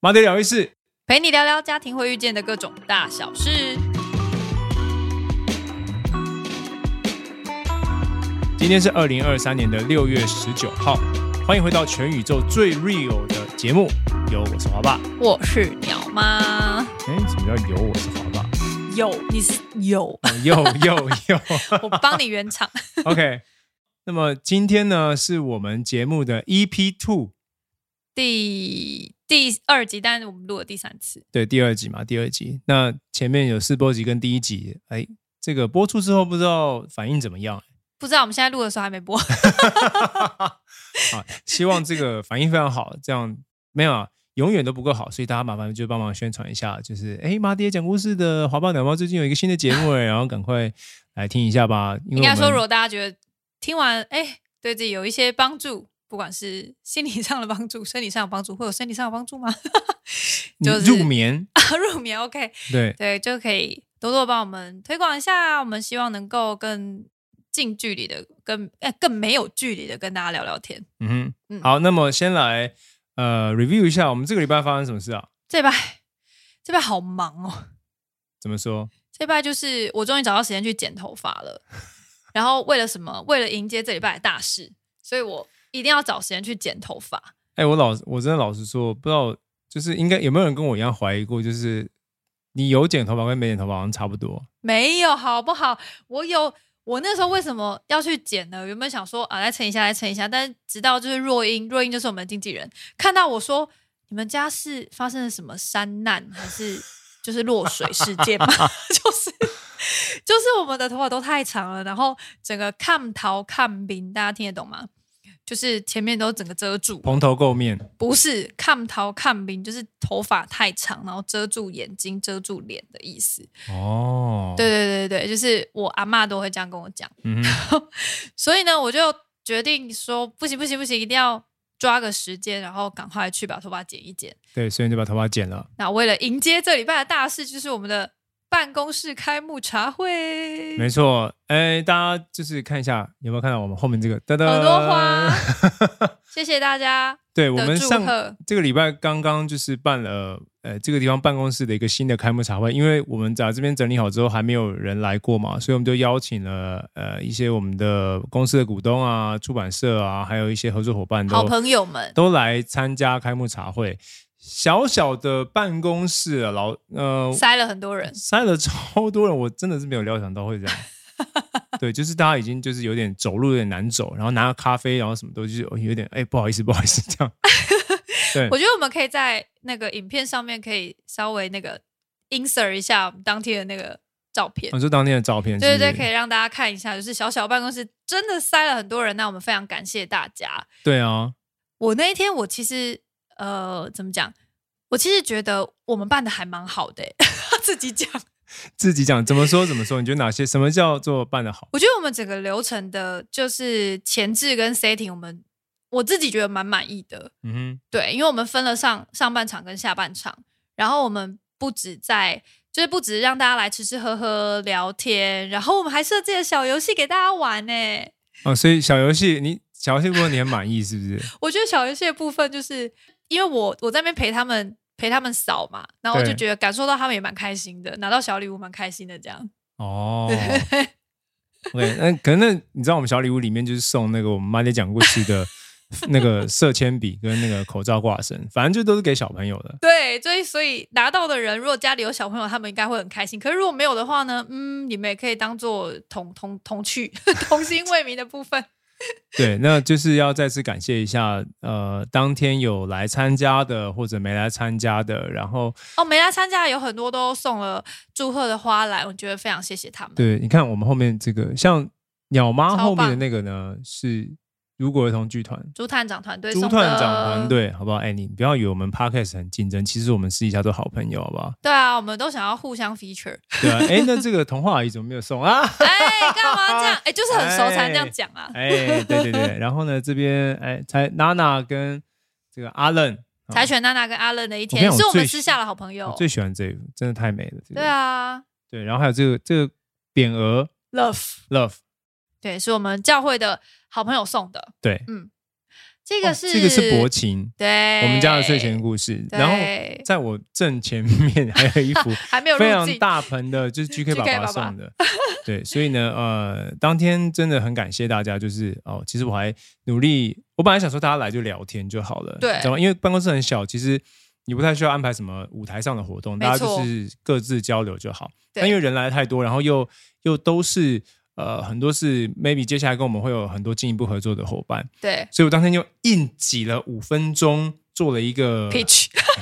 Mom and Dad the band 陪你聊聊家庭會遇見的各種大小事。今天是二零二三年的六月十九號，歡迎回到全宇宙最 real 的節目。有，我是華爸，我是鳥媽。哎，什麼叫有我是華爸？有你是有有有有，Yo oh, Yo, Yo, Yo, Yo 我幫你圓場。 OK，那麼今天呢是我們節目的 EP Two 第。第二集，但是我們錄了第三次。對，第二集嘛，第二集。那前面有四播集跟第一集，哎、欸，這個播出之後不知道反應怎麼樣、欸。不知道，我們現在錄的時候還沒播 好，希望這個反應非常好。這樣沒有，啊，永遠都不夠好，所以大家麻煩就幫忙宣傳一下，就是哎，媽、欸、爹講故事的華爸娘媽最近有一個新的節目哎、欸， 然後趕快來聽一下吧。應該說，如果大家覺得聽完哎、欸，對自己有一些幫助。不管是心理上的幫助、生理上的幫助，會有身體上的幫助嗎？ 就是入眠啊，入眠 OK。對對，就可以多多幫我們推廣一下。我們希望能夠更近距離的、更哎更沒有距離的跟大家聊聊天。嗯哼，嗯，好，那麼先來呃 review 一下我們這個禮拜發生什麼事啊？這禮拜這禮拜好忙哦。怎麼說？這禮拜就是我終於找到時間去剪頭髮了。 然後為了什麼？為了迎接這禮拜的大事，所以我。一定要找時間去剪頭髮。哎、欸，我老，我真的老實說，不知道就是應該有沒有人跟我一樣懷疑過，就是你有剪頭髮跟沒剪頭髮好像差不多。沒有，好不好？我有，我那時候為什麼要去剪呢？原本想說啊，來蹭一下，來蹭一下。但是直到就是若英，若英就是我們的經紀人，看到我說，你們家是發生了什麼山難，還是就是落水事件嗎？ 就是就是我們的頭髮都太長了，然後整個看頭看病，大家聽得懂嗎？就是前面都整個遮住，蓬頭垢面，不是看頭看病，就是頭髮太長，然後遮住眼睛、遮住臉的意思。哦，對對對對，就是我阿嬤都會這樣跟我講。嗯，所以呢，我就決定說不行不行不行，一定要抓個時間，然後趕快去把頭髮剪一剪。對，所以你就把頭髮剪了。那為了迎接這禮拜的大事，就是我們的。辦公室開幕茶會，沒錯，哎，大家就是看一下，有沒有看到我們後面這個？好多花， 謝謝大家。對我們上這個禮拜剛剛就是辦了，呃，這個地方辦公室的一個新的開幕茶會，因為我們在這邊整理好之後，還沒有人來過嘛，所以我們就邀請了呃一些我們的公司的股東啊、出版社啊，還有一些合作夥伴、好朋友們都來參加開幕茶會。小小的辦公室，啊，老呃，塞了很多人，塞了超多人，我真的是沒有料想到會這樣。 對，就是大家已經就是有點走路有點難走，然後拿咖啡，然後什麼東西，有點哎、欸、不好意思，不好意思這樣。 對，我覺得我們可以在那個影片上面可以稍微那個 insert 一下當天的那個照片，啊，就當天的照片，對對對，可以讓大家看一下，就是小小辦公室真的塞了很多人，那我們非常感謝大家。對啊，我那一天我其實。呃，怎麼講？我其實覺得我們辦的還蠻好的呵呵。自己講，自己講，怎麼說怎麼說？你覺得哪些什麼叫做辦得好？我覺得我們整個流程的，就是前置跟 setting，我們我自己覺得蠻滿意的。嗯，對，因為我們分了上上半場跟下半場，然後我們不止在，就是不止讓大家來吃吃喝喝聊天，然後我們還設計了小遊戲給大家玩呢。哦、啊，所以小遊戲，你小遊戲部分你很滿意是不是？ 我覺得小遊戲的部分就是。因為我我在那邊陪他們陪他們掃嘛，然後就覺得感受到他們也蠻開心的，拿到小禮物蠻開心的這樣。哦 ，OK，那可能那你知道我們小禮物裡面就是送那個我們媽爹講故事的那個色鉛筆跟那個口罩掛繩， 反正就都是給小朋友的。對，所以所以拿到的人如果家裡有小朋友，他們應該會很開心。可是如果沒有的話呢？嗯，你們也可以當做童童童趣童心未泯的部分。 對，那就是要再次感謝一下，呃，當天有來參加的或者沒來參加的，然後哦，沒來參加的有很多都送了祝賀的花籃，我覺得非常謝謝他們。對，你看我們後面這個像鳥媽後面的那個呢是。如果兒童劇團朱探長團隊，朱探長團隊，好不好？Annie，、欸、不要以為我們 Podcast 很競爭，其實我們私底下都好朋友，好不好？對啊，我們都想要互相 feature。對啊，哎、欸，那這個童話阿姨怎麼沒有送啊？哎、 欸，幹嘛這樣？哎、欸，就是很熟才能這樣講啊。哎、欸，對對對。然後呢，這邊哎，彩娜娜跟這個阿倫、嗯，柴犬娜娜跟阿倫的一天，是我們私下的好朋友、哦。我最喜歡這個真的太美了、這個。對啊，對。然後還有這個這個匾額，Love Love，對，是我們教會的。好朋友送的，對，嗯，這個是、哦、這個是薄情，對，我們家的睡前故事。然後在我正前面還有一幅，還沒有非常大盆的， 就是 GK 爸爸送的，爸爸 對。所以呢，呃，當天真的很感謝大家，就是哦，其實我還努力，我本來想說大家來就聊天就好了，對，知道嗎？因為辦公室很小，其實你不太需要安排什麼舞台上的活動，大家就是各自交流就好。對，但因為人來的太多，然後又又都是。呃，很多是 maybe 接下來跟我們會有很多進一步合作的夥伴，對，所以我當天就硬擠了五分鐘，做了一個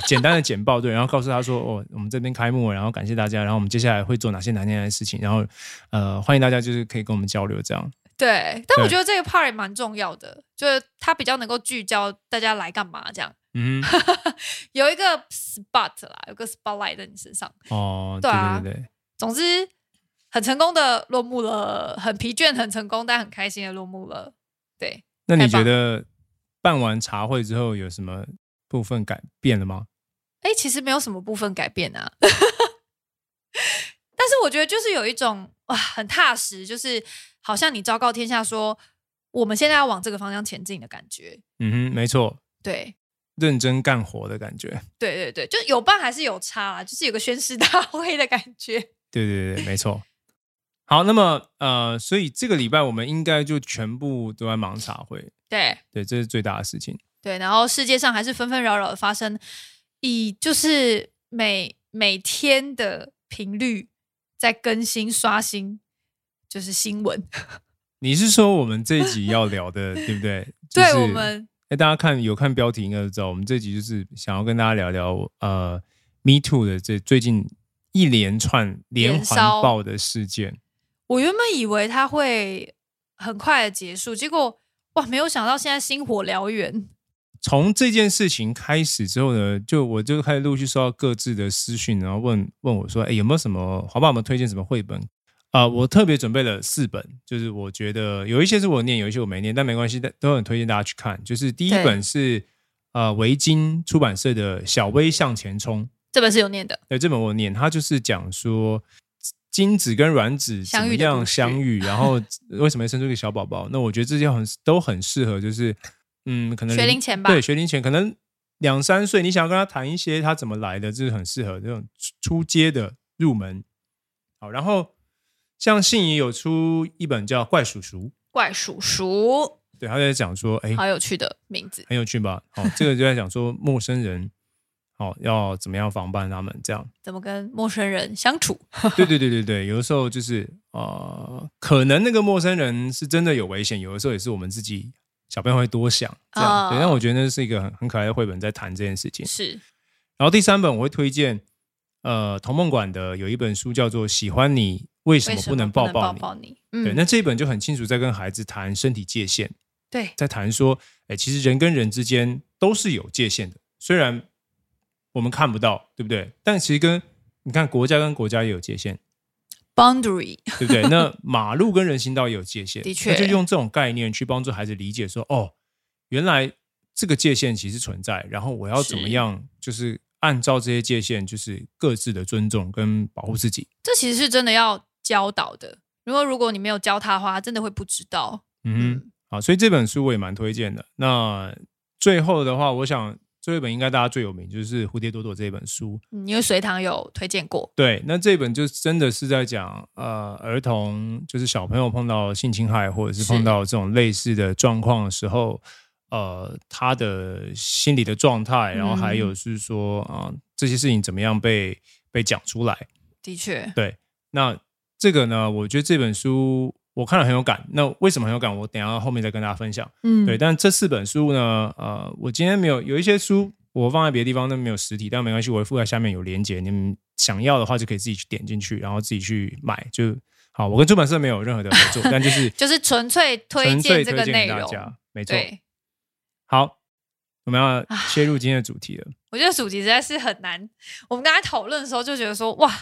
簡單的簡報，對，然後告訴他說，哦，我們這邊開幕，然後感謝大家，然後我們接下來會做哪些難念的事情，然後呃，歡迎大家就是可以跟我們交流這樣。對，但我覺得這個 part 也蠻重要的，就是他比較能夠聚焦大家來幹嘛這樣，嗯， 有一個 spot 啦，有個 spotlight 在你身上，哦，對、啊、對，對，對對，總之。很成功的落幕了，很疲倦，很成功，但很開心的落幕了。對，那你覺得辦完茶會之後有什麼部分改變了嗎？哎，其實沒有什麼部分改變啊， 但是我覺得就是有一種哇、啊，很踏實，就是好像你昭告天下說我們現在要往這個方向前進的感覺。嗯哼，沒錯，對，認真幹活的感覺。對對對，就有辦還是有差啊，就是有個宣誓大會的感覺。對對對，沒錯。好，那麼呃，所以這個禮拜我們應該就全部都在忙茶會，對，對，這是最大的事情。對，然後世界上還是紛紛擾擾的發生，以就是每每天的頻率在更新刷新，就是新聞。你是說我們這一集要聊的， 對不對？就是，對，我們誒大家看有看標題應該就知道，我們這集就是想要跟大家聊聊呃，Me Too 的這最近一連串連環爆的事件。我原本以為它會很快的結束，結果哇，沒有想到現在星火燎原！從這件事情開始之後呢，就我就開始陸續收到各自的私訊，然後問問我說：“哎，有沒有什麼華爸，我們推薦什麼繪本啊、呃？”我特別準備了四本，就是我覺得有一些是我念，有一些我沒念，但沒關係，但都很推薦大家去看。就是第一本是呃，維京出版社的《小微向前衝》，這本是有念的。對，這本我念，它就是講說。精子跟卵子怎麼樣相遇，相遇 然後為什麼生出一個小寶寶？那我覺得這些都很都很適合，就是嗯，可能學齡前吧，對，學齡前可能兩三歲，你想要跟他談一些他怎麼來的，就是很適合這種初階的入門。好，然後像信誼有出一本叫《怪叔叔》，怪叔叔，對，他在講說，哎，好有趣的名字，很有趣吧？好，哦，這個就在講說陌生人。 哦，要怎麼樣防範他們？這樣怎麼跟陌生人相處？對 對對對對，有的時候就是呃，可能那個陌生人是真的有危險，有的時候也是我們自己小朋友會多想這樣。哦、對，那我覺得那是一個很很可愛的繪本，在談這件事情。是，然後第三本我會推薦呃童夢館的有一本書叫做《喜歡你為什麼不能抱抱你》抱抱你嗯。對，那這一本就很清楚在跟孩子談身體界限。對，在談說，哎，其實人跟人之間都是有界限的，雖然。我們看不到，對不對？但其實跟你看國家跟國家也有界限，Boundary，對不對？那馬路跟人行道也有界限， 的確，就用這種概念去幫助孩子理解說，哦，原來這個界限其實存在，然後我要怎麼樣，就是按照這些界限，就是各自的尊重跟保護自己。這其實是真的要教導的，如果如果你沒有教他的話，他真的會不知道。嗯，好，所以這本書我也蠻推薦的。那最後的話，我想。這一本應該大家最有名就是《蝴蝶朵朵》這本書。嗯，因為隋棠有推薦過。對，那這本就真的是在講呃兒童，就是小朋友碰到性侵害或者是碰到這種類似的狀況的時候，呃，他的心理的狀態，然後還有是說啊、嗯呃、這些事情怎麼樣被被講出來。的確，對，那這個呢，我覺得這本書。我看了很有感，那為什麼很有感？我等一下後面再跟大家分享。嗯，對。但這四本書呢，呃，我今天沒有有一些書我放在別的地方都沒有實體，但沒關係，我會附在下面有鏈接，你們想要的話就可以自己去點進去，然後自己去買就好。我跟出版社沒有任何的合作， 但就是就是純粹推薦這個內容，給大家，沒錯。好，我們要切入今天的主題了。我覺得主題實在是很難。我們剛才討論的時候就覺得說，哇，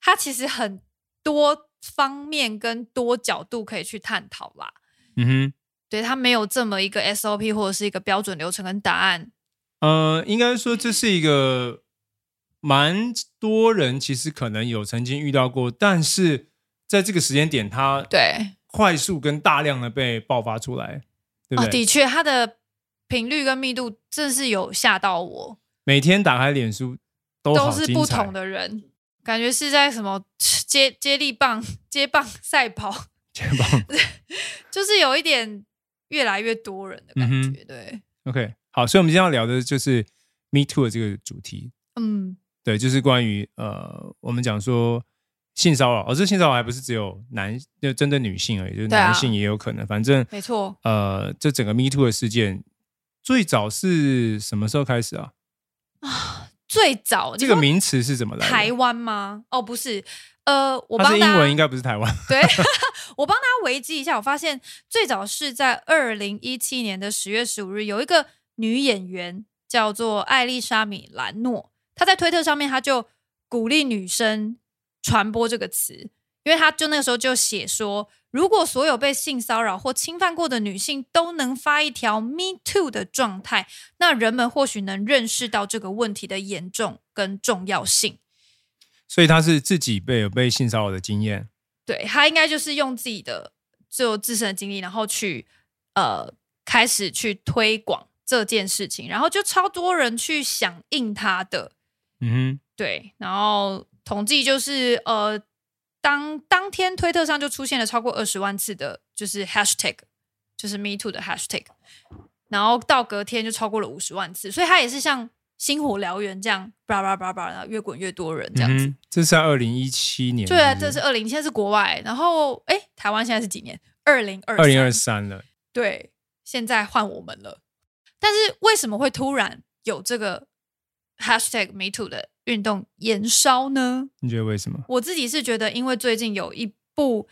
它其實很多。方面跟多角度，可以去探討啦。嗯哼，對，他沒有這麼一個 SOP，或者是一個標準流程跟答案。呃，應該說，這是一個蠻多人其實可能有曾經遇到過，但是在這個時間點，它對快速跟大量的被爆發出來，對，對不對？哦，的確，它的頻率跟密度真是有嚇到我。每天打開臉書，都，都是不同的人。感覺是在什麼接接力棒、接棒賽跑，接棒， 就是有一點越來越多人的感覺。嗯、對，OK，好，所以我們今天要聊的就是 Me Too 的這個主題。嗯，對，就是關於呃，我們講說性騷擾，而、哦、這性騷擾還不是只有男，就針對女性而已，就是男性也有可能。啊、反正沒錯。呃，這整個 Me Too 的事件最早是什麼時候開始啊？啊。最早這個名詞是怎麼來的？台灣嗎？哦，不是，呃，我幫大家，它是英文，應該不是台灣。 對，我幫他維基一下，我發現最早是在二零一七年的十月十五日，有一個女演員叫做艾麗莎米蘭諾，她在推特上面，她就鼓勵女生傳播這個詞。因為他就那個時候就寫說，如果所有被性騷擾或侵犯過的女性都能發一條 “Me Too” 的狀態，那人們或許能認識到這個問題的嚴重跟重要性。所以他是自己被有被性騷擾的經驗，對他應該就是用自己的就自身的經歷，然後去呃開始去推廣這件事情，然後就超多人去響應他的，嗯對，然後統計就是呃。當當天推特上就出現了超過二十萬次的，就是 hashtag 就是 Me Too 的 hashtag，然後到隔天就超過了五十萬次，所以它也是像星火燎原這樣，叭叭叭叭，然後越滾越多人這樣子。嗯，這是在二零一七年，對啊，這是二零，2017，現在是國外，然後誒，台灣現在是幾年？二零二二零二三了，對，現在換我們了。但是為什麼會突然有這個 hashtag Me Too 的？運動延燒呢？你覺得為什麼？我自己是覺得，因為最近有一部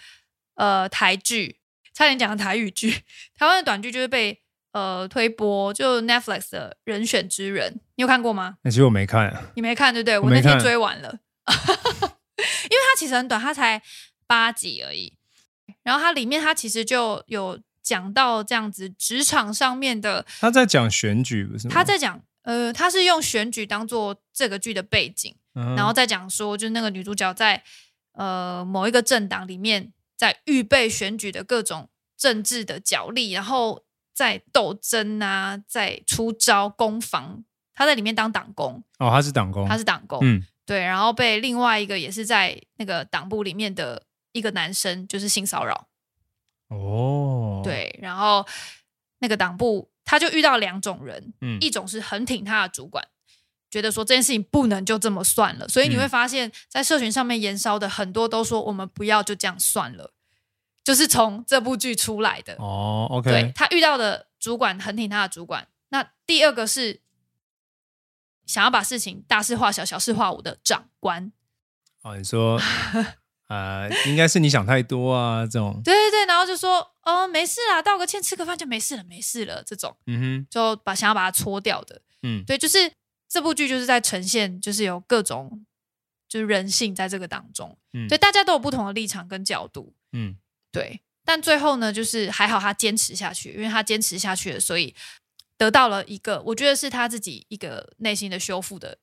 呃台劇，差點講到台語劇，台灣的短劇就是被呃推播，就 Netflix 的人選之人，你有看過嗎？欸、其實我沒看，你沒看對不對？我我那天追完了， 因為它其實很短，它才八集而已。然後它裡面它其實就有講到這樣子職場上面的，他在講選舉不是嗎？他在講。呃，他是用選舉當做這個劇的背景，嗯，然後再講說，就是那個女主角在呃某一個政黨裡面，在預備選舉的各種政治的角力，然後在鬥爭啊，在出招攻防，她在裡面當黨工哦，她是黨工，她是黨工，嗯，對，然後被另外一個也是在那個黨部裡面的一個男生就是性騷擾，哦，對，然後那個黨部。他就遇到兩種人，嗯、一種是很挺他的主管，覺得說，這件事情不能就這麼算了，所以你會發現在社群上面延燒的，很多都說我們不要就這樣算了，就是從這部劇出來的哦，OK。對，他遇到的主管很挺他的主管，那第二個是想要把事情大事化小，小事化無的長官。哦、啊，你說。 呃，應該是你想太多啊，這種。 對對對，然後就說，呃，沒事啦，道個歉，吃個飯就沒事了，沒事了，這種。嗯哼，就把想要把它搓掉的。嗯，對，就是這部劇就是在呈現，就是有各種，就是人性在這個當中。嗯，對，大家都有不同的立場跟角度。嗯，對。但最後呢，就是還好他堅持下去，因為他堅持下去了，所以得到了一個，我覺得是他自己一個內心的修復的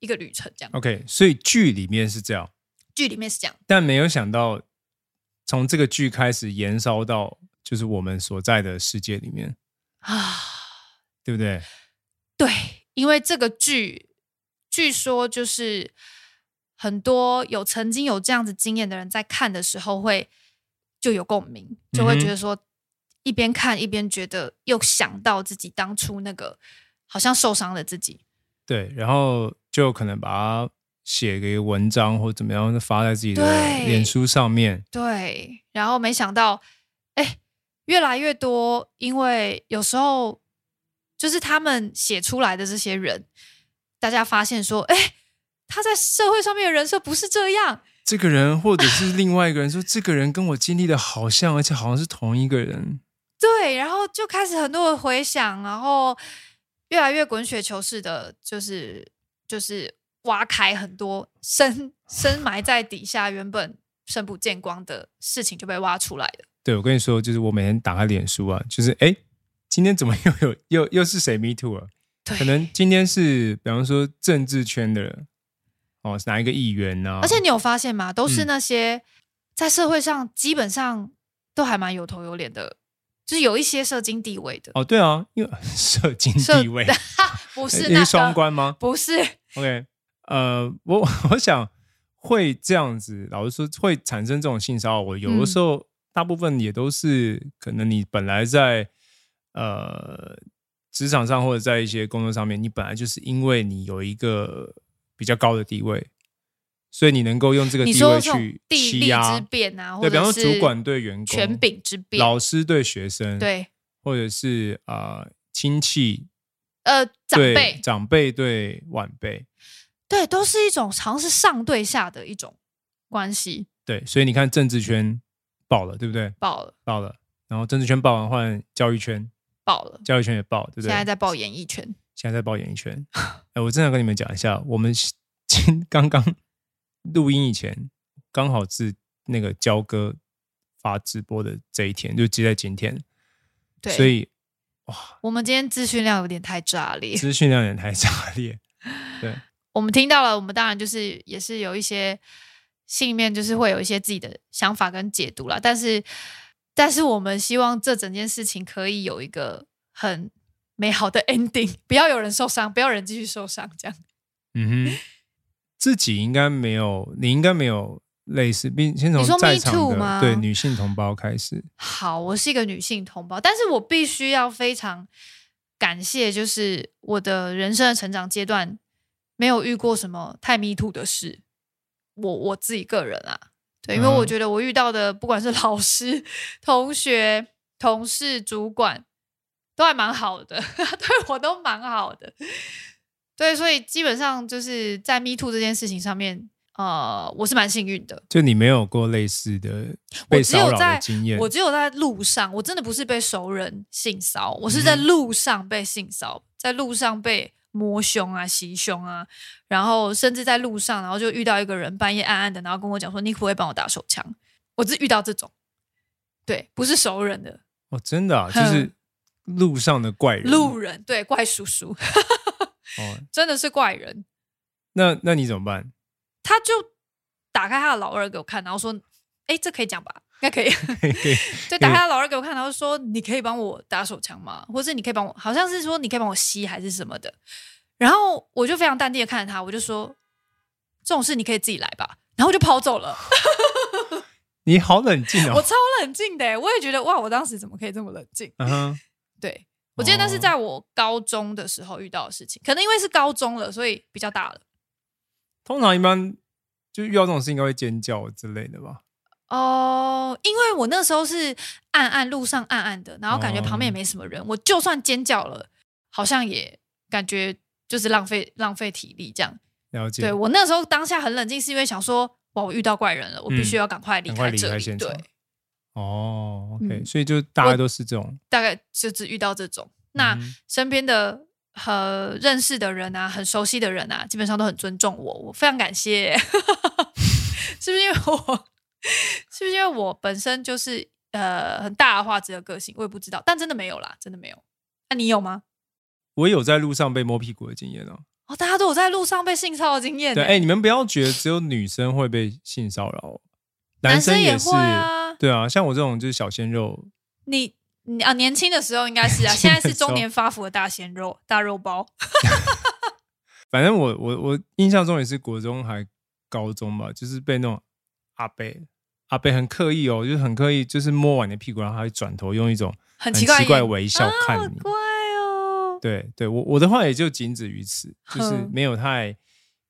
一個旅程，這樣。OK，所以劇裡面是這樣。劇裡面是這樣，但沒有想到，從這個劇開始延燒到就是我們所在的世界裡面啊，對不對？對，因為這個劇據說就是很多有曾經有這樣子經驗的人在看的時候會就有共鳴，就會覺得說一邊看一邊覺得又想到自己當初那個好像受傷的自己。嗯。對，然後就可能把它。寫個、個文章或怎麼樣，就發在自己的臉書上面對。對，然後沒想到，哎、欸，越來越多，因為有時候就是他們寫出來的這些人，大家發現說，哎、欸，他在社會上面的人設不是這樣。這個人或者是另外一個人說， 這個人跟我經歷的好像，而且好像是同一個人。對，然後就開始很多的回想，然後越來越滾雪球似的，就是就是。挖開很多深深埋在底下，原本深不見光的事情就被挖出來了。對，我跟你說，就是我每天打開臉書啊，就是哎，今天怎麼又有又又是誰 MeToo 啊，可能今天是比方說政治圈的哦，是哪一個議員呢？啊？而且你有發現嗎？都是那些在社會上基本上都還蠻有頭有臉的，就是有一些社經地位的。哦，對啊，因為社經地位 不是那個、 是雙關嗎？不是，OK。呃，我我想會這樣子，老實說會產生這種性騷擾。我有的時候，嗯，大部分也都是可能你本來在呃職場上或者在一些工作上面，你本來就是因為你有一個比較高的地位，所以你能夠用這個地位去欺壓。對，比方說主管對員工、權柄之變，老師對學生，對，或者是啊親戚，呃長輩、呃，長輩對晚輩。對，都是一種，常是上對下的一種關係。對，所以你看政治圈爆了，對不對？爆了，爆了。然後政治圈爆完，換教育圈爆了，教育圈也爆，對不對？現在在爆演藝圈，現在在爆演藝圈。哎、 欸，我正想跟你們講一下，我們今剛剛錄音以前，剛好是那個交哥發直播的這一天，就就在今天。對，所以哇，我們今天資訊量有點太炸裂，資訊量有點太炸裂。對。 我們聽到了，我們當然就是也是有一些心裡面就是會有一些自己的想法跟解讀啦，但是但是我們希望這整件事情可以有一個很美好的 ending，不要有人受傷，不要人繼續受傷，這樣。嗯哼，自己應該沒有，你應該沒有類似，並先從 me too 嗎？對女性同胞開始。好，我是一個女性同胞，但是我必須要非常感謝，就是我的人生的成長階段。沒有遇過什麼太 MeToo 的事，我我自己個人啊，對、嗯，因為我覺得我遇到的不管是老師、同學、同事、主管，都還蠻好的，呵呵，對，我都蠻好的。對，所以基本上就是在 MeToo 這件事情上面，呃，我是蠻幸運的。就你沒有過類似的被騷擾的，我只有在經驗？我只有在路上，我真的不是被熟人性騷，我是在路上被性騷、嗯、在路上被。摸胸啊，襲胸啊，然後甚至在路上，然後就遇到一個人，半夜暗暗的，然後跟我講說：“你不會幫我打手槍？”我只遇到這種，對，不是熟人的。哦，真的啊，就、嗯、是路上的怪人。路人對怪叔叔， 哦，真的是怪人。那那你怎麼辦？他就打開他的老二給我看，然後說：“哎，這可以講吧。”應該可,可以，就打開老二給我看，然後說：“你可以幫我打手槍嗎？或者你可以幫我，好像是說你可以幫我吸還是什麼的。”然後我就非常淡定的看着他，我就說：“這種事你可以自己來吧。”然後我就跑走了。 你好冷靜哦！ 我超冷靜的、欸，我也覺得哇！我當時怎麼可以這麼冷靜？Uh-huh. 對，我記得那是在我高中的時候遇到的事情，可能因為是高中了，所以比較大了。哦、通常一般就遇到這種事，應該會尖叫之類的吧。哦、oh，因為我那時候是暗暗路上暗暗的，然後感覺旁邊也沒什麼人，oh. 我就算尖叫了，好像也感覺就是浪費浪費體力這樣。了解，對我那時候當下很冷靜，是因為想說哇，我遇到怪人了、嗯，我必須要趕快離開這裡。對，哦、oh，OK、嗯、所以就大概都是這種，大概就只遇到這種、嗯。那身邊的和認識的人啊，很熟悉的人啊，基本上都很尊重我，我非常感謝。 是不是因為我？ 是不是因為我本身就是呃很大的話只有個性，我也不知道，但真的沒有啦，真的沒有。那、啊、你有嗎？我有在路上被摸屁股的經驗哦、喔。哦，大家都有在路上被性騷擾的經驗。對，哎、欸，你們不要覺得只有女生會被性騷擾， 男生也，是也會啊。對啊，像我這種就是小鮮肉，你，你啊年輕的時候應該是啊，現在是中年發福的大鮮肉，大肉包。 反正我我我印象中也是國中還高中吧，就是被那種阿伯。阿北很刻意哦，就是很刻意，就是摸完你的屁股，然後他會轉頭用一種很奇怪的微笑看你，很奇怪、啊、哦。對對，我我的話也就僅止於此，就是沒有太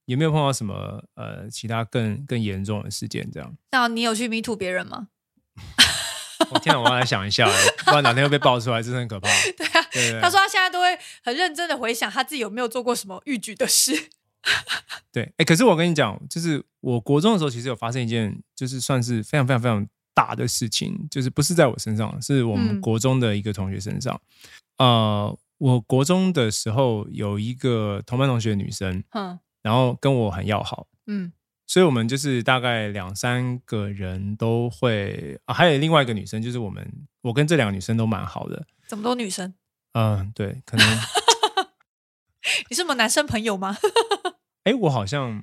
也沒有碰到什麼呃其他更更嚴重的事件這樣。那你有去 MeToo 別人嗎？ 我天啊，我要來想一下、欸， 不然哪天會被爆出來，真是很可怕。對啊對對，他說他現在都會很認真的回想他自己有沒有做過什麼逾矩的事。 對，哎、欸，可是我跟你講，就是我國中的時候，其實有發生一件，就是算是非常非常非常大的事情，就是不是在我身上，是我們國中的一個同學身上。嗯、呃，我國中的時候有一個同班同學的女生，嗯，然後跟我很要好，嗯，所以我們就是大概兩三個人都會、呃，還有另外一個女生，就是我們，我跟這兩個女生都蠻好的，怎麼都女生？嗯、呃，對，可能 你是沒有男生朋友嗎？ 哎、欸，我好像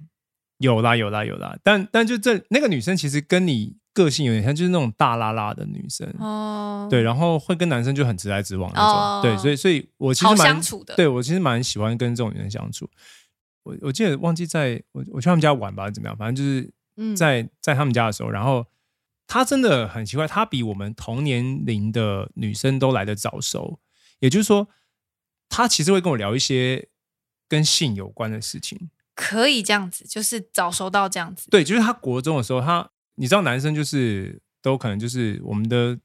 有啦，有啦，有啦，但但就這那個女生其實跟你個性有點像，就是那種大剌剌的女生哦，對，然後會跟男生就很直來直往那種，哦、對，所以所以我其實蠻好相處的，對，我其實蠻喜歡跟這種女生相處。我我記得忘記在我我去他們家玩吧，怎麼樣？反正就是嗯，在在他們家的時候，然後她真的很奇怪，她比我們同年齡的女生都來得早熟，也就是說，她其實會跟我聊一些跟性有關的事情。可以這樣子，就是早熟到這樣子。對，就是他國中的時候，他你知道男生就是都可能就是我們的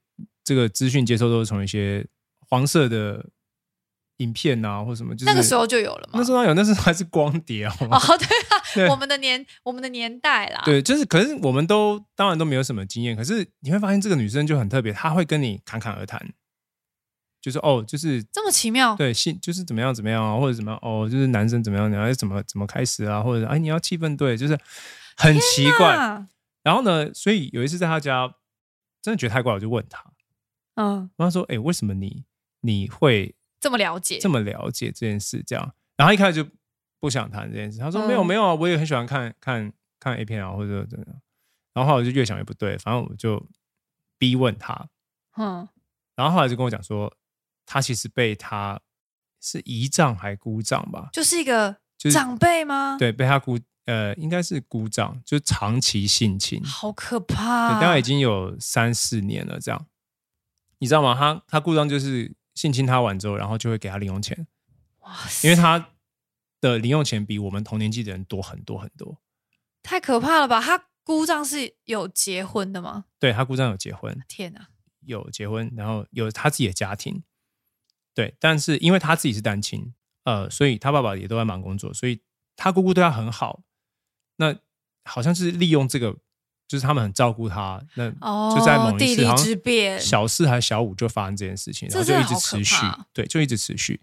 這個資訊接收都是從一些黃色的影片啊或什麼、就是，那個時候就有了嘛。那時候有，但是還是光碟哦、啊。哦， 對啊， 我們的年我們的年代啦。對，就是可是我們都當然都沒有什麼經驗，可是你會發現這個女生就很特別，她會跟你侃侃而談。就是哦，就是這麼奇妙，對性就是怎麼樣怎麼樣啊，或者怎麼樣哦，就是男生怎麼樣，你要怎麼、啊、怎麼怎麼開始啊，或者哎你要氣氛對，就是很奇怪。然後呢，所以有一次在他家，真的覺得太怪，我就問他，嗯，然後他說，哎、欸，為什麼你你會這麼了解，這麼了解這件事這樣？然後一開始就不想談這件事，他說、嗯、沒有沒有啊，我也很喜歡看看看 A 片啊，或者怎樣。然後後來我就越想越不對，反正我就逼問他，嗯，然後後來就跟我講說。他其實被他是姨丈還姑丈吧，就是一個長輩嗎？就是、對，被他姑呃，應該是姑丈，就是、長期性侵，好可怕、啊！大概已經有三四年了，這樣你知道嗎？他他姑丈就是性侵他完之後，然後就會給他零用錢，哇塞！因為他的零用錢比我們同年紀的人多很多很多，太可怕了吧？他姑丈是有結婚的嗎？對他姑丈有結婚，天哪、啊，有結婚，然後有他自己的家庭。對，但是因為他自己是單親，呃，所以他爸爸也都在忙工作，所以他姑姑對他很好。那好像是利用這個，就是他們很照顧他。那就在某一次，好、哦、像小四還是小五就發生這件事情，然後就一直持續，對，就一直持續。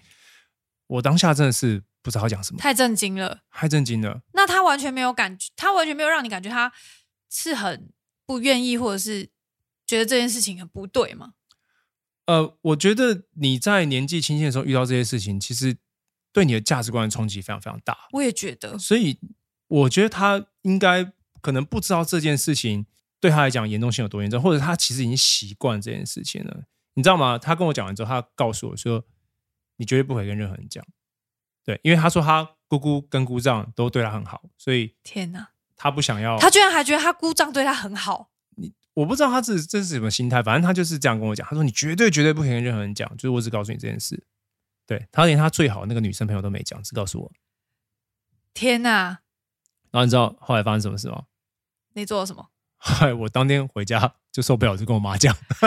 我當下真的是不知道要講什麼，太震驚了，太震驚了。那他完全沒有感覺，他完全沒有讓你感覺他是很不願意，或者是覺得這件事情很不對嗎？呃，我覺得你在年紀輕輕的時候遇到這些事情，其實對你的價值觀的衝擊非常非常大。我也覺得，所以我覺得他應該可能不知道這件事情對他來講嚴重性有多嚴重，或者他其實已經習慣這件事情了。你知道嗎？他跟我講完之後，他告訴我說：“你絕對不可以跟任何人講。”對，因為他說他姑姑跟姑丈都對他很好，所以天哪，他不想要，啊，他居然還覺得他姑丈對他很好。我不知道他是這，這是什麼心態，反正他就是這樣跟我講。他說：“你絕對絕對不可以跟任何人講，就是我只告訴你這件事。對”對他連他最好的那個女生朋友都沒講，只告訴我。天哪、啊！然後你知道後來發生什麼事嗎？你做了什麼？我當天回家就受不了，就跟我媽講，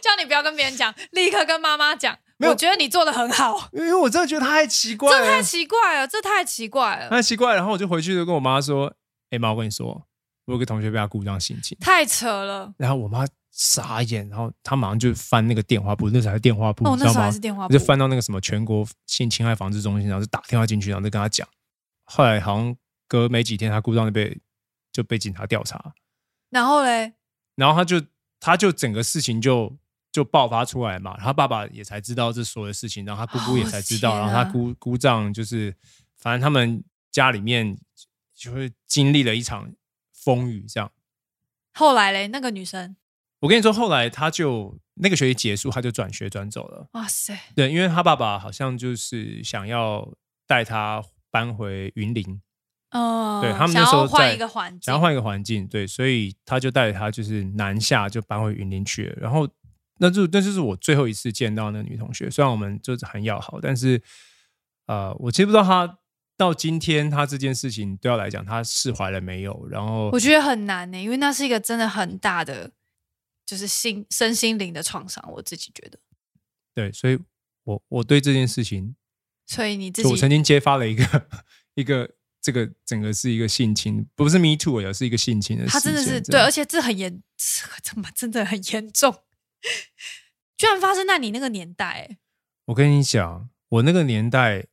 叫你不要跟別人講，立刻跟媽媽講。沒有，我覺得你做得很好，因為我真的覺得太奇怪了。這太奇怪了，這太奇怪了，太奇怪了。然後我就回去就跟我媽說：“哎、欸、媽，我跟你說，我有個同學被他姑丈性侵，太扯了。然後我媽傻眼，然後他馬上就翻那個電話簿，那時候電話簿，那時候還是電話簿，哦、那時還是電話簿就翻到那個什麼全國性侵害防治中心，然後就打電話進去，然後就跟他講。後來好像隔沒幾天，他姑丈就被就被警察調查。然後嘞，然後他就他就整個事情就就爆發出來嘛。他爸爸也才知道這所有的事情，然後他姑姑也才知道，哦、然後他姑姑丈就是反正他們家裡面就是經歷了一場。風雨這樣，後來嘞，那個女生，我跟你說，後來她就那個學期結束，她就轉學轉走了。哇塞，對，因為她爸爸好像就是想要帶她搬回雲林，哦，對，他們那時候在想要換一個環境，然後換一個環境，對，所以他就帶着她就是南下，就搬回雲林去了。然後，那就那就是我最後一次見到那個女同學，雖然我們就是很要好，但是，呃，我知不知道她。到今天，他這件事情對我來講他來講，他釋懷了沒有？然後我覺得很難呢、欸，因為那是一個真的很大的，就是心身心靈的創傷。我自己覺得，對，所以我我對這件事情，所以你自己我曾經揭發了一個一個這個整個是一個性侵，不是 Me Too，而是一個性侵的事情。他真的是對，而且這很嚴，怎麼真的很嚴重？ 居然發生在你那個年代、欸？我跟你講，我那個年代。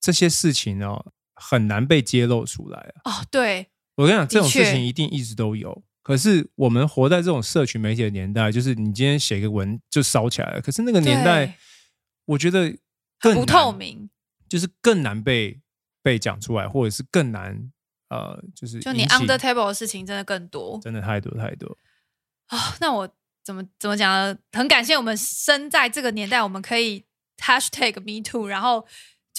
這些事情呢、哦，很難被揭露出來哦、啊，oh, 對，我跟你講，這種事情一定一直都有。可是我們活在這種社群媒體的年代，就是你今天寫個文就燒起來了。可是那個年代，我覺得更很不透明，就是更難被被講出來，或者是更難呃，就是就你 under table 的事情真的更多，真的太多太多哦，oh, 那我怎麼怎麼講呢？很感謝我們生在這個年代，我們可以 hashtag me too，然後。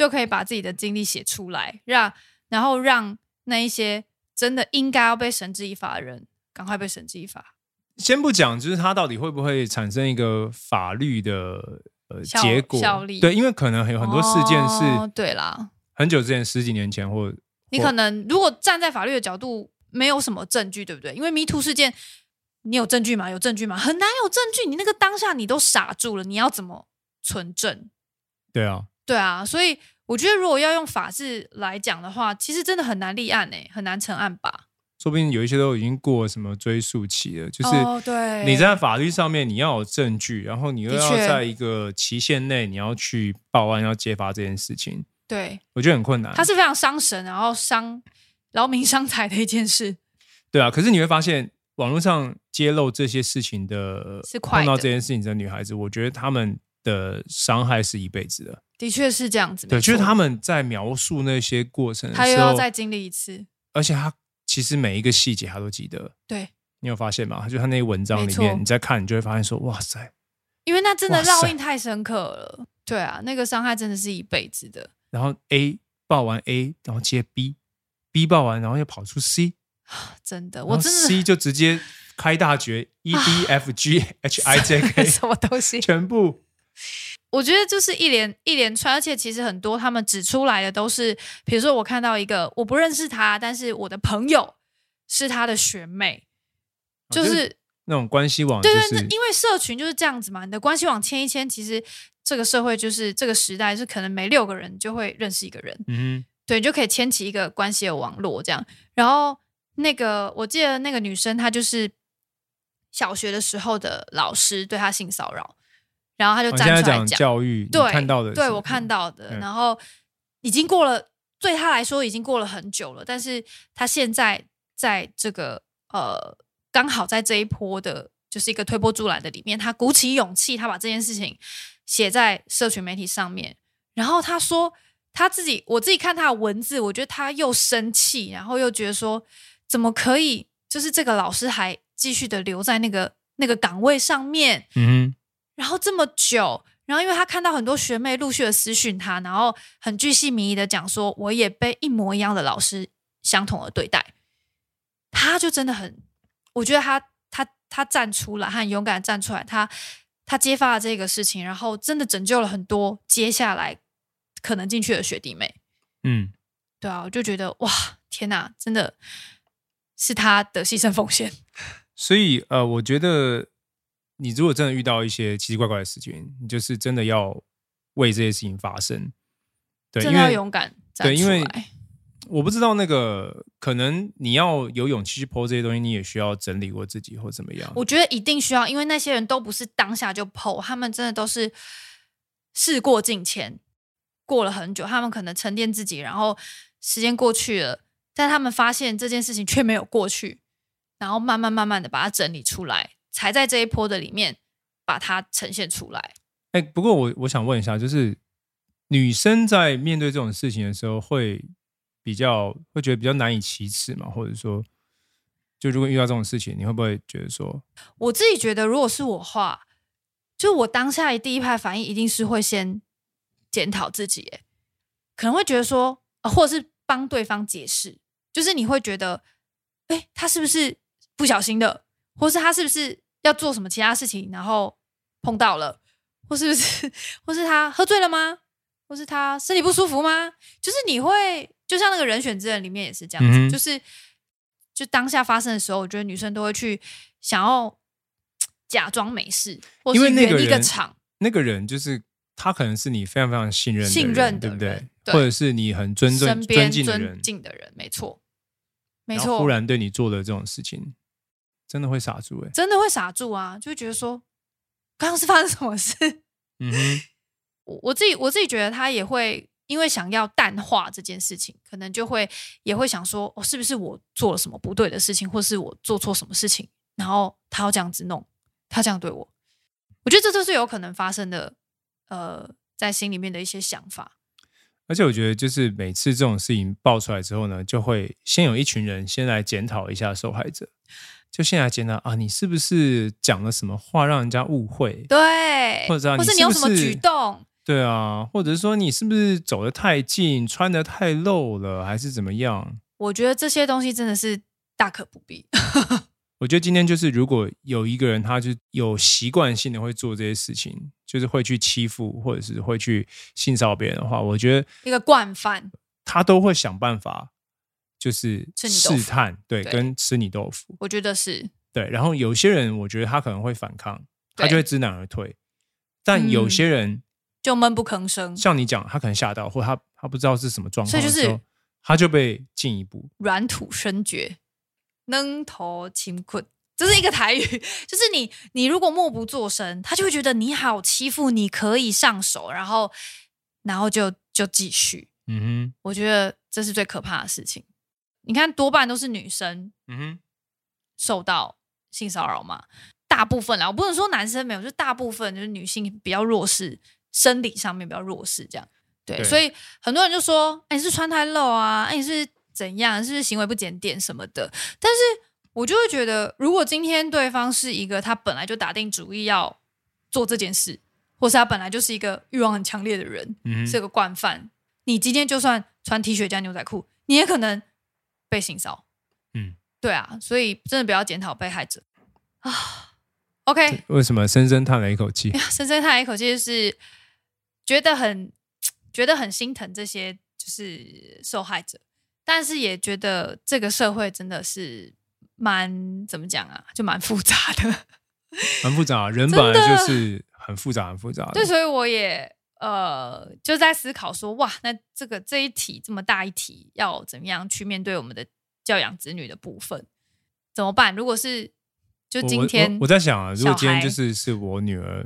就可以把自己的經歷寫出來，讓然後讓那一些真的應該要被繩之以法的人趕快被繩之以法。先不講，就是他到底會不會產生一個法律的呃效結果？效力對，因為可能有很多事件是，對啦，很久之前，哦、十幾年前或，或你可能如果站在法律的角度，沒有什麼證據，對不對？因為 MeToo 事件，你有證據嗎？有證據嗎？很難有證據。你那個當下你都傻住了，你要怎麼存證？對啊，對啊，所以。我覺得，如果要用法治來講的話，其實真的很難立案誒、欸，很難成案吧。說不定有一些都已經過什麼追訴期了。就是你在法律上面你要有證據，然後你又要在一個期限內你，你要去報案，要揭發這件事情。對，我覺得很困難。它是非常傷神，然後傷勞民傷財的一件事。對啊，可是你會發現，網絡上揭露這些事情的，是的，碰到這件事情的女孩子，我覺得他們的傷害是一輩子的。的確是這樣子。對，就是他們在描述那些過程的，他又要再經歷一次。而且他其實每一個細節他都記得。對，你有發現嗎？就他那文章裡面，你在看，你就會發現說：“哇塞！”因為那真的烙印太深刻了。對啊，那個傷害真的是一輩子的。然後 A 報完 A，然後接 B，B 報完，然後又跑出 C。真的，我真的。然後 C 就直接開大絕，E、D、F、G、H、I、J、K， 什麼東西？全部。我覺得就是一連一連串，而且其實很多他們指出來的都是，比如說我看到一個我不認識他，但是我的朋友是他的學妹，就是、啊就是、那種關係網、就是。對對那，因為社群就是這樣子嘛，你的關係網牽一牽，其實這個社會就是這個時代是可能每六個人就會認識一個人，嗯，對，你就可以牽起一個關係的網絡這樣。然後那個我記得那個女生她就是小學的時候的老師對她性騷擾。然後他就站出來講，啊、在講教育，對，看到，對看到的，對我看到的，然後已經過了，對他來說已經過了很久了，但是他現在在這個呃，剛好在這一波的，就是一個推波助瀾的裡面，他鼓起勇氣，他把這件事情寫在社群媒體上面，然後他說他自己，我自己看他的文字，我覺得他又生氣，然後又覺得說怎麼可以，就是這個老師還繼續的留在那個那個崗位上面，嗯。然後這麼久，然後因為他看到很多學妹陸續的私訊他，然後很鉅細靡遺的講說，我也被一模一樣的老師相同的對待，他就真的很，我覺得他他他站出來，他很勇敢的站出來，他他揭發了這個事情，然後真的拯救了很多接下來可能進去的學弟妹。嗯，對啊，我就覺得哇，天哪，真的是他的犧牲奉獻。所以呃，我覺得。你如果真的遇到一些奇奇怪怪的事情，你就是真的要為這些事情發聲。對，真的要勇敢。對，因為我不知道那個，可能你要有勇氣去剖這些東西，你也需要整理過自己或怎麼樣。我覺得一定需要，因為那些人都不是當下就剖，他們真的都是事過境遷，過了很久，他們可能沉澱自己，然後時間過去了，但他們發現這件事情卻沒有過去，然後慢慢慢慢的把它整理出來。才在這一波的裡面把它呈現出來。哎、欸，不過我我想問一下，就是女生在面對這種事情的時候，會比較會覺得比較難以啟齒嘛？或者說，就如果遇到這種事情，你會不會覺得說？我自己覺得，如果是我話，就我當下第一派反應一定是會先檢討自己，可能會覺得說，呃、或者是幫對方解釋，就是你會覺得，哎、欸，他是不是不小心的，或是他是不是？要做什麼其他事情，然後碰到了，或是不是，或是他喝醉了嗎？或是他身體不舒服嗎？就是你會，就像那個人選之人裡面也是這樣子，嗯、就是就當下發生的時候，我覺得女生都會去想要假裝沒事，或是圓一個場，因為那個人，那個人就是他可能是你非常非常信任的人信任的人，對不對？對，或者是你很尊重，身邊尊敬的人，尊敬的人，沒錯，沒錯，突然，然對你做的這種事情。真的會傻住哎、欸，真的會傻住啊！就會覺得說，剛剛是發生什麼事？嗯哼，我我自己我自己覺得他也會因為想要淡化這件事情，可能就會也會想說，哦，是不是我做了什麼不對的事情，或是我做錯什麼事情，然後他要這樣子弄，他這樣對我，我覺得這就是有可能發生的，呃，在心裡面的一些想法。而且我覺得，就是每次這種事情爆出來之後呢，就會先有一群人先來檢討一下受害者。就現在覺得啊，你是不是講了什麼話讓人家誤會？對，或者你是不是或是你有什麼舉動？對啊，或者是說你是不是走得太近，穿得太露了，還是怎麼樣？我覺得這些東西真的是大可不必。 我覺得今天就是如果有一個人，他就有習慣性的會做這些事情，就是會去欺負，或者是會去性騷擾別人的話，我覺得一個慣犯，他都會想辦法。就是試探，對，對，跟吃你豆腐，我覺得是對。然後有些人，我覺得他可能會反抗，他就會知難而退；但有些人、嗯、就悶不吭聲。像你講，他可能嚇到，或他他不知道是什麼狀況，所以就是他就被進一步軟土深掘，愣頭青困，這是一個台語。就是你你如果默不作聲，他就會覺得你好欺負，你可以上手，然後然後就就繼續。嗯哼，我覺得這是最可怕的事情。你看，多半都是女生受到性騷擾嘛，大部分啦，我不能說男生沒有，就大部分就是女性比較弱勢，生理上面比較弱勢，這樣對，對，所以很多人就說：“哎，你是穿太露啊，哎，你是怎樣，是行為不檢點什麼的。”但是，我就會覺得，如果今天對方是一個他本來就打定主意要做這件事，或是他本來就是一個慾望很強烈的人，嗯，是個慣犯，你今天就算穿 T 恤加牛仔褲，你也可能。被性騷擾，嗯，對啊，所以真的不要檢討被害者啊。OK，為什麼深深嘆了一口氣？深深嘆了一口氣，就是覺得很覺得很心疼這些就是受害者，但是也覺得這個社會真的是蠻怎麼講啊，就蠻複雜的，蠻複雜。人本來就是很複雜，很複雜的。對，所以我也。呃，就在思考說，哇，那這個這一題這麼大一題，要怎麼樣去面對我們的教養子女的部分？怎麼辦？如果是就今天我我，我在想啊，如果今天就是是我女兒，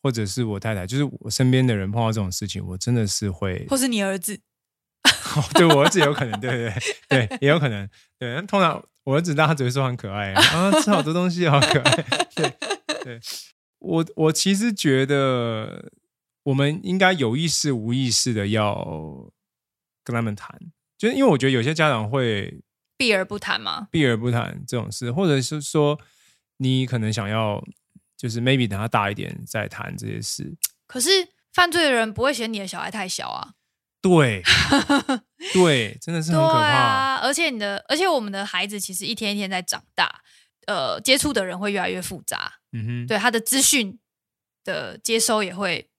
或者是我太太，就是我身邊的人碰到這種事情，我真的是會，或是你兒子？哦，對，我兒子也有可能， 對對對，也有可能，對。通常我兒子大家只會說很可愛啊， 哦，吃好多東西，好可愛。對對，對，我我其實覺得。我們應該有意識、無意識的要跟他們談，就是因為我覺得有些家長會避而不談嘛，避而不談這種事，或者是說你可能想要就是 maybe 等他大一點再談這些事。可是犯罪的人不會嫌你的小孩太小啊？對， 對，真的是很可怕。對啊，而且你的，而且我們的孩子其實一天一天在長大，呃，接觸的人會越來越複雜。嗯哼，對他的資訊的接收也會。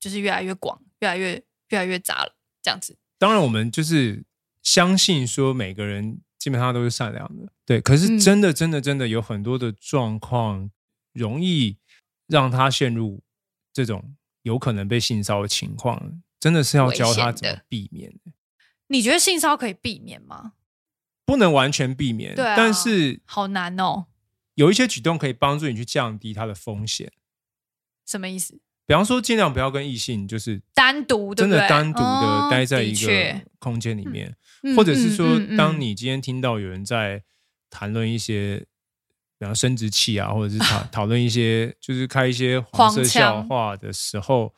就是越來越廣，越來越越來越雜了，這樣子。當然，我們就是相信說每個人基本上都是善良的，對。可是真的，真的，真的有很多的狀況，容易讓他陷入這種有可能被性騷的情況，真的是要教他怎麼避免。你覺得性騷可以避免嗎？不能完全避免，對、啊。但是好難哦。有一些舉動可以幫助你去降低他的風險，什麼意思？比方說，盡量不要跟異性就是單獨，真的單獨的待在一個空間裡面，對對哦、或者是說、嗯嗯嗯嗯，當你今天聽到有人在談論一些，嗯嗯嗯、比方說生殖器啊，或者是討討論一些， 就是開一些黃色笑話的時候，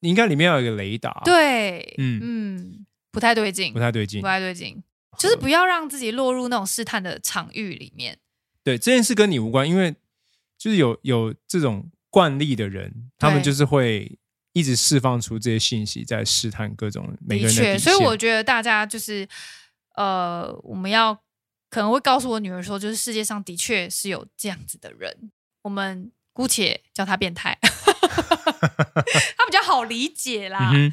你應該裡面要有一個雷達，對，嗯嗯，不太對勁，不太對勁，不太對勁，就是不要讓自己落入那種試探的場域裡面。對，這件事跟你無關，因為就是有有這種。慣例的人，他們就是會一直釋放出這些信息，在試探各種每個人的,的確，所以我覺得大家就是呃，我們要可能會告訴我女兒說，就是世界上的確是有這樣子的人，我們姑且叫他變態，他 比較好理解啦。嗯。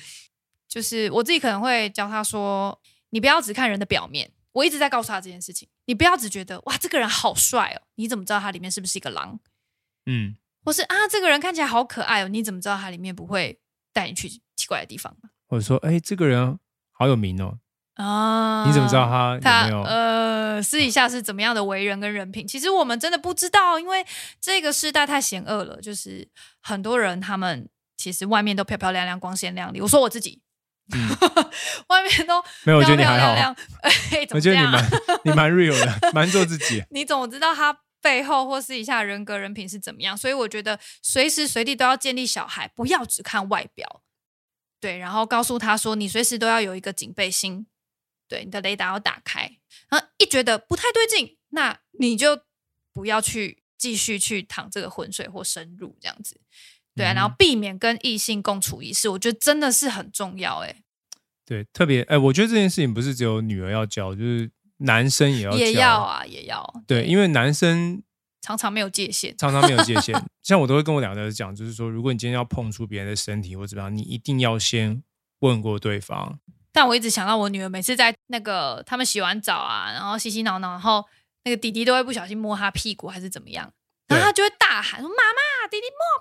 就是我自己可能會教他說，你不要只看人的表面。我一直在告訴他這件事情，你不要只覺得哇，這個人好帥哦，你怎麼知道他裡面是不是一個狼？嗯。我是啊，這個人看起來好可愛哦。你怎麼知道他裡面不會帶你去奇怪的地方？我或者說，哎、欸，這個人好有名哦。啊，你怎麼知道他他有沒有他？呃，私底下是怎麼樣的為人跟人品、啊。其實我們真的不知道，因為這個世代太險惡了。就是很多人他們其實外面都漂漂亮亮、光鮮亮麗。我說我自己，嗯、 外面都漂漂漂亮亮沒有。我覺得你還好、啊欸啊，我覺得你蠻你蠻 real 的，蠻做自己。 你怎麼知道他？背後或私底下人格人品是怎麼樣，所以我覺得隨時隨地都要建立小孩，不要只看外表，對，然後告訴他說，你隨時都要有一個警備心，對，你的雷達要打開，然後一覺得不太對勁，那你就不要去繼續去淌這個渾水或深入這樣子，對啊，然後避免跟異性共處一室，我覺得真的是很重要，哎，對，特別哎，我覺得這件事情不是只有女兒要教，就是。男生也要也要啊，也要、啊、對，因為男生常常沒有界限，常常沒有界限。 像我都會跟我兩個講，就是說，如果你今天要碰觸別人的身體或怎麼樣，你一定要先問過對方。但我一直想到我女兒，每次在那個他們洗完澡啊，然後嘻嘻鬧鬧，然後那個弟弟都會不小心摸她屁股還是怎麼樣，然後她就會大喊說：“媽媽，弟弟摸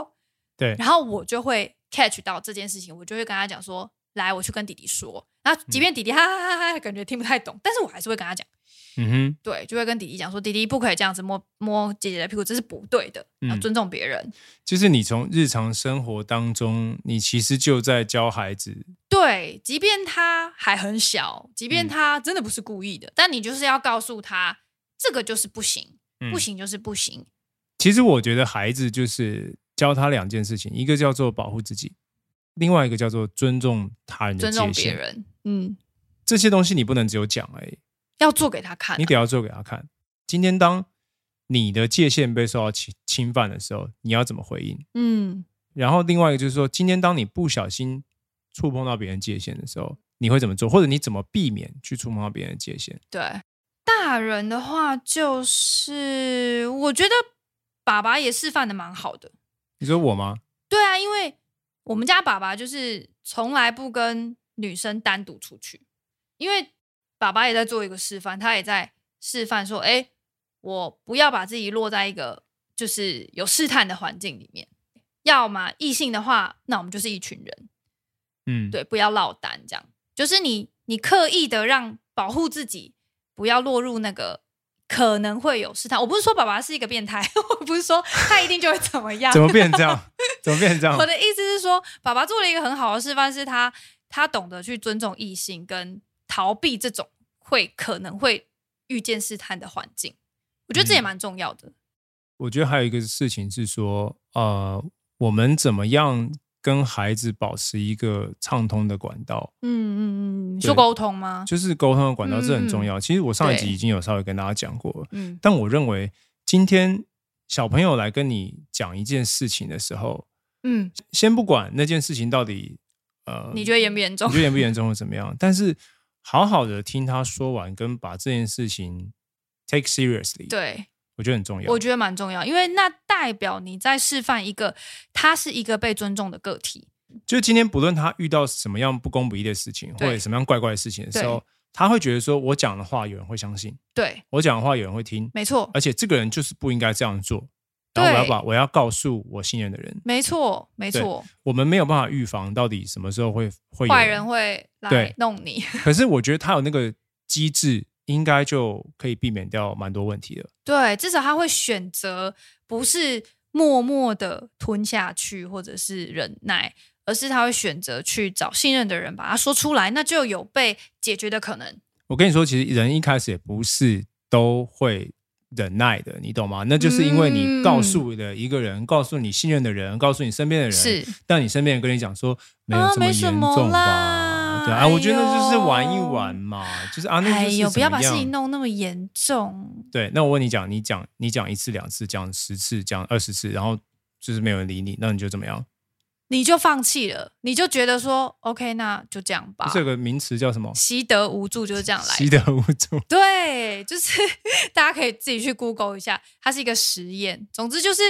我屁股。”對，然後我就會 catch 到這件事情，我就會跟她講說：“來，我去跟弟弟說。”那即便弟弟哈哈哈哈，感覺聽不太懂，嗯，但是我還是會跟他講，嗯哼，對，就會跟弟弟講說，弟弟不可以這樣子摸摸姐姐的屁股，這是不對的，嗯，要尊重別人。就是你從日常生活當中，你其實就在教孩子。對，即便他還很小，即便他真的不是故意的，嗯，但你就是要告訴他，這個就是不行，嗯，不行就是不行。其實我覺得孩子就是教他兩件事情，一個叫做保護自己，另外一個叫做尊重他人的界限。尊重別人。嗯，這些東西你不能只有講而已，要做給他看啊。你得要做給他看。今天當你的界限被受到侵侵犯的時候，你要怎麼回應？嗯，然後另外一個就是說，今天當你不小心觸碰到別人界限的時候，你會怎麼做，或者你怎麼避免去觸碰到別人的界限？對，大人的話就是，我覺得爸爸也示範的蠻好的。你說我嗎？對啊，因為我們家爸爸就是從來不跟。女生單獨出去，因為爸爸也在做一個示範，他也在示範說：“哎，我不要把自己落在一個就是有試探的環境裡面。要嘛異性的話，那我們就是一群人。嗯，對，不要落單這樣。就是你你刻意的讓保護自己，不要落入那個可能會有試探。我不是說爸爸是一個變態，我不是說他一定就會怎麼樣，怎麼變這樣？怎麼變這樣？ 我的意思是說，爸爸做了一個很好的示範，是他。”他懂得去尊重異性，跟逃避這種會可能會遇見試探的環境，我覺得這也蠻重要的。嗯，我覺得還有一個事情是說，呃，我們怎麼樣跟孩子保持一個暢通的管道？嗯嗯嗯，你說溝通嗎？就是溝通的管道，嗯，這很重要。其實我上一集已經有稍微跟大家講過了。嗯，但我認為今天小朋友來跟你講一件事情的時候，嗯，先不管那件事情到底。你覺得言言，呃，你覺得嚴不嚴重？你覺得嚴不嚴重或怎麼樣？ 但是好好的聽他說完，跟把這件事情 take seriously，對，我覺得很重要。我覺得蠻重要，因為那代表你在示範一個，他是一個被尊重的個體。就今天不論他遇到什麼樣不公不義的事情，或者什麼樣怪怪的事情的時候，他會覺得說我講的話有人會相信，對，我講的話有人會聽，沒錯。而且這個人就是不應該這樣做。然後我要把我要告訴我信任的人，沒錯，沒錯。我們沒有辦法預防，到底什麼時候會會有人壞人會來弄你。可是我覺得他有那個機制，應該就可以避免掉蠻多問題了。對，至少他會選擇不是默默的吞下去或者是忍耐，而是他會選擇去找信任的人把他說出來，那就有被解決的可能。我跟你說，其實人一開始也不是都會，忍耐的，你懂嗎？那就是因為你告訴了一個人、嗯，告訴你信任的人，告訴你身邊的人。是，但你身邊人跟你講說，沒有這麼嚴重吧。啊，沒什麼啦，對啊、哎，我覺得就是玩一玩嘛，就是啊，哎呦，那就是，哎呦，不要把事情弄那麼嚴重。對，那我問你講，你講，你講一次、兩次，講十次，講二十次，然後就是沒有人理你，那你就怎麼樣？你就放棄了，你就覺得說，OK，那就這樣吧。這個名詞叫什麼？習得無助就是這樣來的。習得無助。對，就是大家可以自己去 Google 一下，它是一個實驗。總之就是，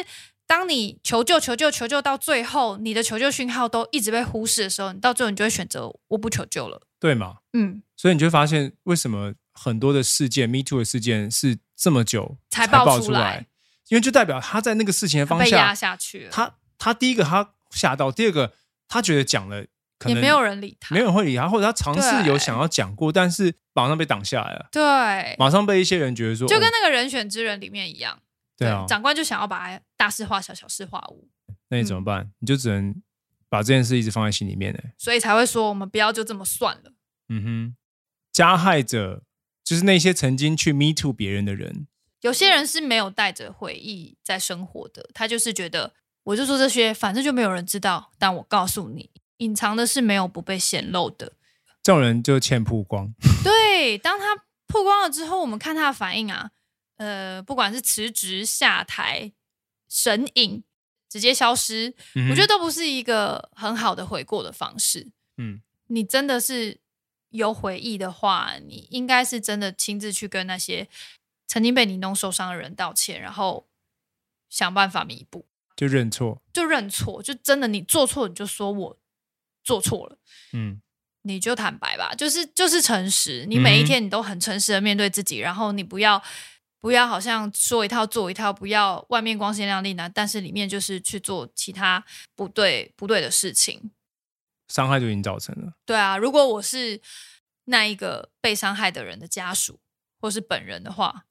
當你求救、求救、求救到最後，你的求救訊號都一直被忽視的時候，你到最後你就會選擇我不求救了。對嘛？嗯。所以你就會發現，為什麼很多的事件，MeToo 的事件是這麼久才爆，才爆出來？因為就代表他在那個事情的方向被壓下去了。他他第一個他。嚇到第二個，他覺得講了可能沒有人理他，沒有人會理他，或者他嘗試有想要講過，但是馬上被擋下來了。對，馬上被一些人覺得說，就跟那個人選之人裡面一樣。哦、對啊、哦，長官就想要把他大事化小，小事化無。那你怎麼辦，嗯？你就只能把這件事一直放在心裡面呢。所以才會說，我們不要就這麼算了。嗯哼，加害者就是那些曾經去 me too 別人的人。有些人是沒有帶着回憶在生活的，他就是覺得。我就說這些，反正就沒有人知道。但我告訴你，隱藏的是沒有不被顯露的。這種人就欠曝光。 對，當他曝光了之後，我們看他的反應啊，呃，不管是辭職、下台、神隱、直接消失，嗯、我覺得都不是一個很好的悔過的方式。嗯，你真的是有悔意的話，你應該是真的親自去跟那些曾經被你弄受傷的人道歉，然後想辦法彌補。就認錯，就認錯，就真的你做錯你就說我做錯了，嗯，你就坦白吧，就是就是誠實，你每一天你都很誠實的面對自己，嗯、然後你不要不要好像說一套做一套，不要外面光鮮亮麗呢，但是裡面就是去做其他不對不對的事情，傷害就已經造成了。對啊，如果我是那一個被傷害的人的家屬或是本人的話，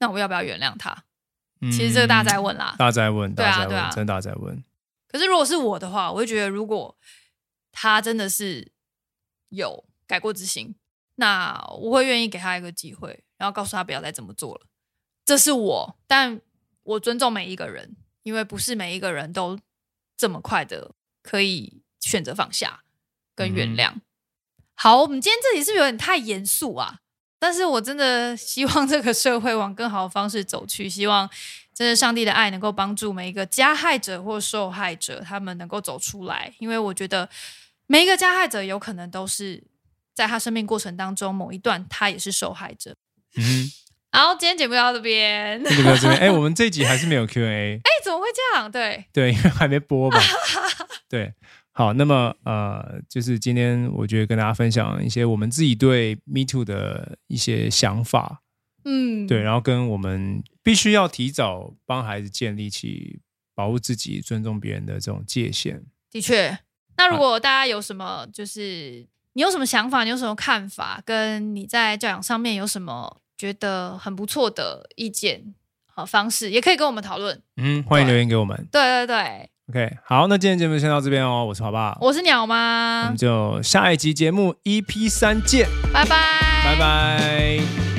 那我要不要原諒他？其實這個大哉問啦，嗯、大哉問，大哉問，對啊，對啊，真的大哉問。可是如果是我的話，我會覺得如果他真的是有改過自新，那我會願意給他一個機會，然後告訴他不要再這麼做了。這是我，但我尊重每一個人，因為不是每一個人都這麼快的可以選擇放下跟原諒。嗯、好，我們今天這裡是不是有點太嚴肅啊？但是我真的希望這個社會往更好的方式走去，希望真的上帝的愛能夠幫助每一個加害者或受害者，他們能夠走出來。因為我覺得每一個加害者有可能都是在他生命過程當中某一段他也是受害者。嗯。好，今天節目到這邊，節目到這邊。哎，我們這集還是沒有 Q&A。哎，怎麼會這樣？對，對，因為還沒播吧？啊、對。好，那麼呃，就是今天我覺得跟大家分享一些我們自己對 “MeToo” 的一些想法，嗯，對，然後跟我們必須要提早幫孩子建立起保護自己、尊重別人的這種界限。的確，那如果大家有什麼，啊、就是你有什麼想法，你有什麼看法，跟你在教養上面有什麼覺得很不錯的意見和方式，也可以跟我們討論。嗯，歡迎留言給我們。對對對。對。OK，好，那今天節目先到這邊哦。我是華爸。我是鳥媽。我們就下一集節目 EP 三見，拜拜，拜拜。